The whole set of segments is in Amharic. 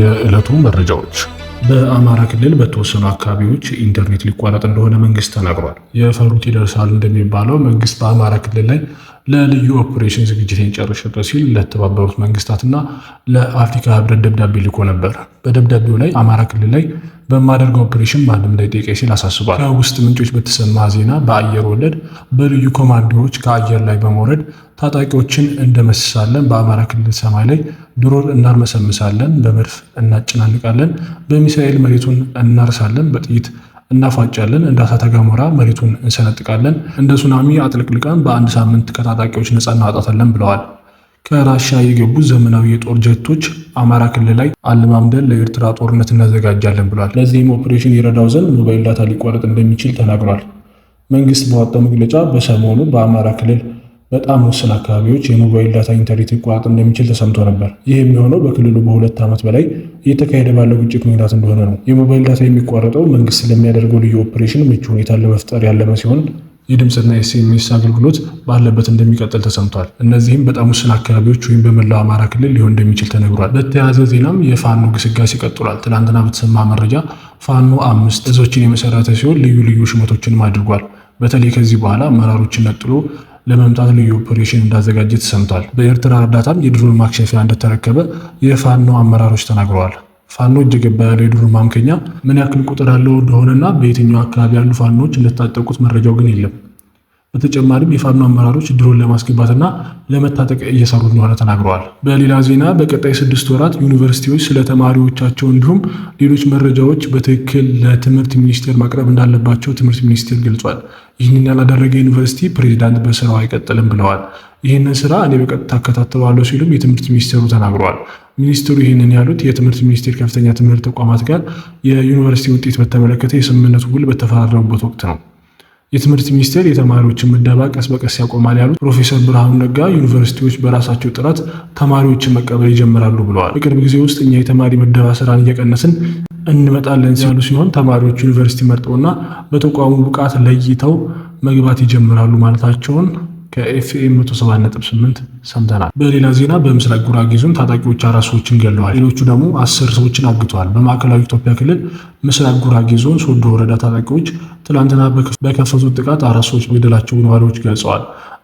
የዕለቱ መረጃዎች በአማራ ክልል በተወሰኑ አካባቢዎች ኢንተርኔት ሊቋረጥ እንደሆነ መንግስት ተናግሯል። የፈሩት ይደርሳል እንደሚባለው መንግስት በአማራ ክልል ላይ ለልዩ ኦፕሬሽን ዝግጅቴን ጨርሻለሁ ሲል ለተባበሩት መንግስታትና ለአፍሪካ ህብረት ደብዳቤ ልኮ ነበር። በደብዳቤው ላይ አማራ ክልል ላይ በማደርገው ኦፕሬሽን ማንም እንዳይጠይቀኝ ሲል አሳስቧል። ከውስጥ ምንጮች በተሰማ ዜና በአየር ወለድ በልዩ ኮማንዶዎች ከአየር ላይ በመውረድ ታጣቂዎችን እንደመስሳለን። በአማራ ክልል ሰማይ ላይ ድሮን እናርመሰምሳለን፣ በመድፍ እናጨናንቃለን፣ በሚሳኤል መሬቱን እናርሳለን፣ በጥይት እናፋጫለን፣ እንደ እሳተ ገሞራ መሬቱን እንሰነጥቃለን፣ እንደ ሱናሚ አጥለቅልቃን በአንድ ሳምንት ከታጣቂዎች ነፃ እናወጣታለን ብለዋል። ከራሻ የገቡ ዘመናዊ የጦር ጀቶች አማራ ክልል ላይ አለማምደን ለኤርትራ ጦርነት እናዘጋጃለን ብሏል። ለዚህም ኦፕሬሽን የረዳው ዘንድ ሞባይል ዳታ ሊቋረጥ እንደሚችል ተናግሯል። መንግስት በወጣው መግለጫ በሰሞኑ በአማራ ክልል በጣም ውስን አካባቢዎች የሞባይል ዳታ ኢንተርኔት ሊቋረጥ እንደሚችል ተሰምቶ ነበር። ይህ የሚሆነው በክልሉ በሁለት ዓመት በላይ እየተካሄደ ባለው ግጭት ምክንያት እንደሆነ ነው። የሞባይል ዳታ የሚቋረጠው መንግስት ስለሚያደርገው ልዩ ኦፕሬሽን ምቹ ሁኔታ ለመፍጠር ያለመ ሲሆን የድምፅና ኤስኤምኤስ አገልግሎት ባለበት እንደሚቀጥል ተሰምቷል። እነዚህም በጣም ውስን አካባቢዎች ወይም በመላው አማራ ክልል ሊሆን እንደሚችል ተነግሯል። በተያያዘ ዜናም የፋኖ ግስጋሴ ቀጥሏል። ትናንትና በተሰማ መረጃ ፋኖ አምስት እዞችን የመሰረተ ሲሆን ልዩ ልዩ ሽመቶችንም አድርጓል። በተለይ ከዚህ በኋላ አመራሮችን ነጥሎ ለመምጣት ልዩ ኦፕሬሽን እንዳዘጋጀ ተሰምቷል። በኤርትራ እርዳታም የድሮን ማክሸፊያ እንደተረከበ የፋኖ አመራሮች ተናግረዋል። ፋኖ እጀገባ ያለው የድሮን ማምከኛ ምን ያክል ቁጥር ያለው እንደሆነና በየትኛው አካባቢ ያሉ ፋኖች እንደታጠቁት መረጃው ግን የለም። በተጨማሪም የፋኖ አመራሮች ድሮን ለማስገባትና ለመታጠቅ እየሰሩ እንደሆነ ተናግረዋል። በሌላ ዜና በቀጣይ ስድስት ወራት ዩኒቨርሲቲዎች ስለ ተማሪዎቻቸው እንዲሁም ሌሎች መረጃዎች በትክክል ለትምህርት ሚኒስቴር ማቅረብ እንዳለባቸው ትምህርት ሚኒስቴር ገልጿል። ይህንን ያላደረገ ዩኒቨርሲቲ ፕሬዚዳንት በስራው አይቀጥልም ብለዋል። ይህንን ስራ እኔ በቀጥታ እከታተለዋለሁ ሲሉም የትምህርት ሚኒስቴሩ ተናግረዋል። ሚኒስትሩ ይህንን ያሉት የትምህርት ሚኒስቴር ከፍተኛ ትምህርት ተቋማት ጋር የዩኒቨርሲቲ ውጤት በተመለከተ የስምምነቱ ውል በተፈራረሙበት ወቅት ነው። የትምህርት ሚኒስቴር የተማሪዎችን ምደባ ቀስ በቀስ ያቆማል ያሉት ፕሮፌሰር ብርሃኑ ነጋ ዩኒቨርሲቲዎች በራሳቸው ጥረት ተማሪዎችን መቀበል ይጀምራሉ ብለዋል። በቅርብ ጊዜ ውስጥ እኛ የተማሪ ምደባ ስራን እየቀነስን እንመጣለን ሲሉ ሲሆን ተማሪዎች ዩኒቨርሲቲ መርጠውና በተቋሙ ብቃት ለይተው መግባት ይጀምራሉ ማለታቸውን ከኤፍኤም 178 ሰምተናል። በሌላ ዜና በምስራቅ ጉራጌ ዞን ታጣቂዎች አራት ሰዎችን ገለዋል፣ ሌሎቹ ደግሞ አስር ሰዎችን አግተዋል። በማዕከላዊ ኢትዮጵያ ክልል ምስራቅ ጉራጌ ዞን ሶዶ ወረዳ ታጣቂዎች ትላንትና በከፈቱት ጥቃት አራት ሰዎች መግደላቸው ነዋሪዎች ገልጸዋል።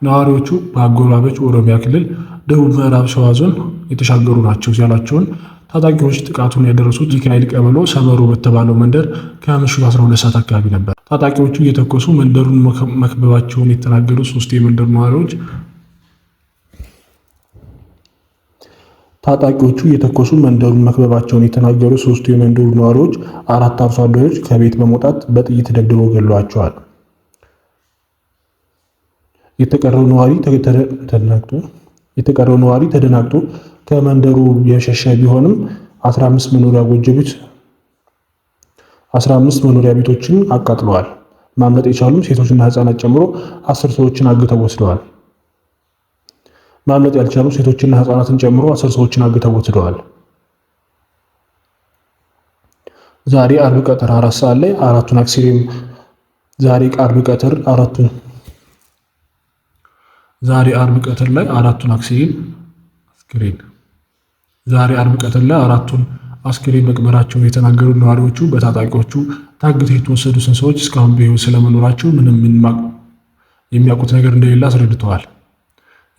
ነዋሪዎቹ በአጎራባች ኦሮሚያ ክልል ደቡብ ምዕራብ ሸዋ ዞን የተሻገሩ ናቸው ያሏቸውን ታጣቂዎች ጥቃቱን ያደረሱት ሚካኤል ቀበሎ ሰመሮ በተባለው መንደር ከምሽቱ 12 ሰዓት አካባቢ ነበር። ታጣቂዎቹ እየተኮሱ መንደሩን መክበባቸውን የተናገሩ ሶስት የመንደር ነዋሪዎች ታጣቂዎቹ እየተኮሱ መንደሩን መክበባቸውን የተናገሩ ሶስቱ የመንደሩ ነዋሪዎች አራት አርሶ አደሮች ከቤት በመውጣት በጥይት ደብድበው ገሏቸዋል። የተቀረው ነዋሪ ተደናግጦ ከመንደሩ የሸሸ ቢሆንም 15 መኖሪያ ጎጆ ቤት 15 መኖሪያ ቤቶችን አቃጥለዋል። ማምለጥ የቻሉም ሴቶችና ህፃናት ጨምሮ አስር ሰዎችን አግተው ወስደዋል። ማምለጥ ያልቻሉ ሴቶችና ህፃናትን ጨምሮ አስር ሰዎችን አግተው ወስደዋል። ዛሬ አርብ ቀጥር አራት ሰዓት ላይ አራቱን አክሲሪም ዛሬ አርብ ቀጥር አራቱን ዛሬ አርብ ቀጥር ላይ አራቱን አክሲሪም ስክሪን ዛሬ አርብ ቀትር ላይ አራቱን አስክሬን መቅበራቸውን የተናገሩ ነዋሪዎቹ በታጣቂዎቹ ታግተው የተወሰዱ ሰዎች እስካሁን በሕይወት ስለመኖራቸው ምንም የሚያውቁት ነገር እንደሌለ አስረድተዋል።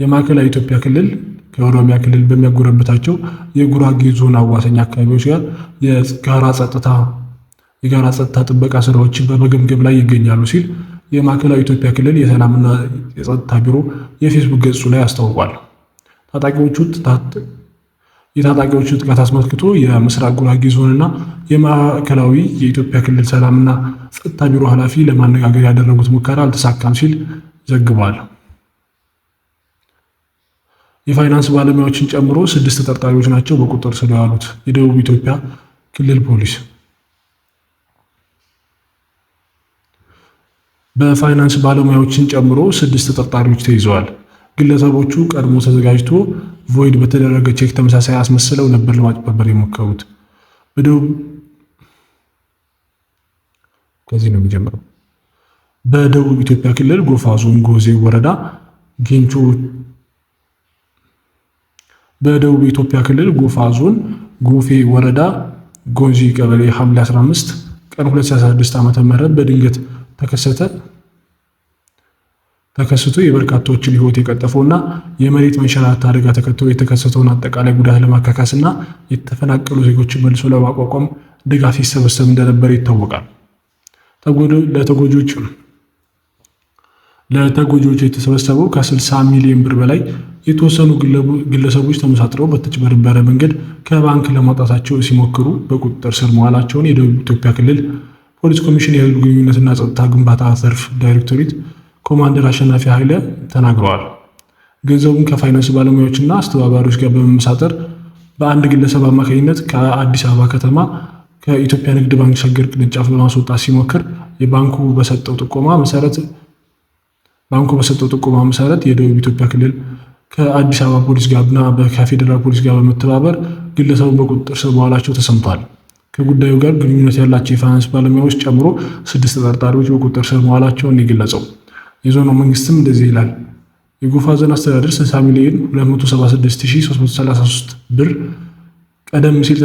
የማዕከላዊ ኢትዮጵያ ክልል ከኦሮሚያ ክልል በሚያጎረብታቸው የጉራጌ ዞን አዋሰኝ አካባቢዎች ጋር የጋራ ጸጥታ የጋራ ጸጥታ ጥበቃ ስራዎችን በመገምገም ላይ ይገኛሉ ሲል የማዕከላዊ ኢትዮጵያ ክልል የሰላምና የጸጥታ ቢሮ የፌስቡክ ገጹ ላይ አስታውቋል። ታጣቂዎቹ የታጣቂዎቹ ጥቃት አስመልክቶ የምስራቅ ጉራጌ ዞንና የማዕከላዊ የኢትዮጵያ ክልል ሰላምና ጸጥታ ቢሮ ኃላፊ ለማነጋገር ያደረጉት ሙከራ አልተሳካም ሲል ዘግቧል። የፋይናንስ ባለሙያዎችን ጨምሮ ስድስት ተጠርጣሪዎች ናቸው በቁጥጥር ስር ያሉት የደቡብ ኢትዮጵያ ክልል ፖሊስ በፋይናንስ ባለሙያዎችን ጨምሮ ስድስት ተጠርጣሪዎች ተይዘዋል። ግለሰቦቹ ቀድሞ ተዘጋጅቶ ቮይድ በተደረገ ቼክ ተመሳሳይ አስመስለው ነበር ለማጭበርበር የሞከሩት። በደቡብ ከዚህ ነው የሚጀምረው። በደቡብ ኢትዮጵያ ክልል ጎፋ ዞን ጎዜ ወረዳ ጌንቾ በደቡብ ኢትዮጵያ ክልል ጎፋ ዞን ጎፌ ወረዳ ጎንጂ ቀበሌ ሐምሌ 15 ቀን 2016 ም በድንገት ተከሰተ። ተከስቶ የበርካታዎችን ህይወት የቀጠፈውና የመሬት መንሸራተት አደጋ ተከትሎ የተከሰተውን አጠቃላይ ጉዳት ለማካካስና የተፈናቀሉ ዜጎችን መልሶ ለማቋቋም ድጋፍ ይሰበሰብ እንደነበረ ይታወቃል። ለተጎጆች ለተጎጆች የተሰበሰበው ከ60 ሚሊዮን ብር በላይ የተወሰኑ ግለሰቦች ተመሳጥረው በተጭበረበረ መንገድ ከባንክ ለማውጣታቸው ሲሞክሩ በቁጥጥር ስር መዋላቸውን የደቡብ ኢትዮጵያ ክልል ፖሊስ ኮሚሽን የህዝብ ግንኙነትና ጸጥታ ግንባታ ዘርፍ ዳይሬክቶሬት ኮማንደር አሸናፊ ኃይለ ተናግረዋል። ገንዘቡን ከፋይናንስ ባለሙያዎችና አስተባባሪዎች ጋር በመመሳጠር በአንድ ግለሰብ አማካኝነት ከአዲስ አበባ ከተማ ከኢትዮጵያ ንግድ ባንክ ሸገር ቅርንጫፍ ለማስወጣት ሲሞክር የባንኩ በሰጠው ጥቆማ መሰረት ባንኩ በሰጠው ጥቆማ መሰረት የደቡብ ኢትዮጵያ ክልል ከአዲስ አበባ ፖሊስ ጋርና ከፌዴራል ፖሊስ ጋር በመተባበር ግለሰቡን በቁጥጥር ስር መዋላቸው ተሰምቷል። ከጉዳዩ ጋር ግንኙነት ያላቸው የፋይናንስ ባለሙያዎች ጨምሮ ስድስት ተጠርጣሪዎች በቁጥጥር ስር መዋላቸውን የገለጸው የዞኑ መንግስትም እንደዚህ ይላል። የጎፋ ዞን አስተዳደር 60 ሚሊዮን 276333 ብር ቀደም ሲል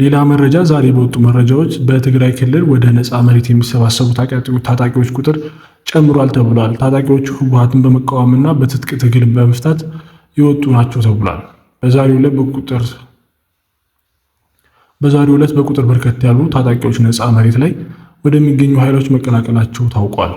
ሌላ መረጃ ዛሬ በወጡ መረጃዎች በትግራይ ክልል ወደ ነፃ መሬት የሚሰባሰቡ ታጣቂዎች ቁጥር ጨምሯል ተብሏል። ታጣቂዎቹ በመቃወም በመቃወምና በትጥቅ ትግል በመፍታት የወጡ ናቸው ተብሏል። በዛሬው ዕለት በቁጥር በዛሬው ዕለት በቁጥር በርከት ያሉ ታጣቂዎች ነፃ መሬት ላይ ወደሚገኙ ኃይሎች መቀላቀላቸው ታውቋል።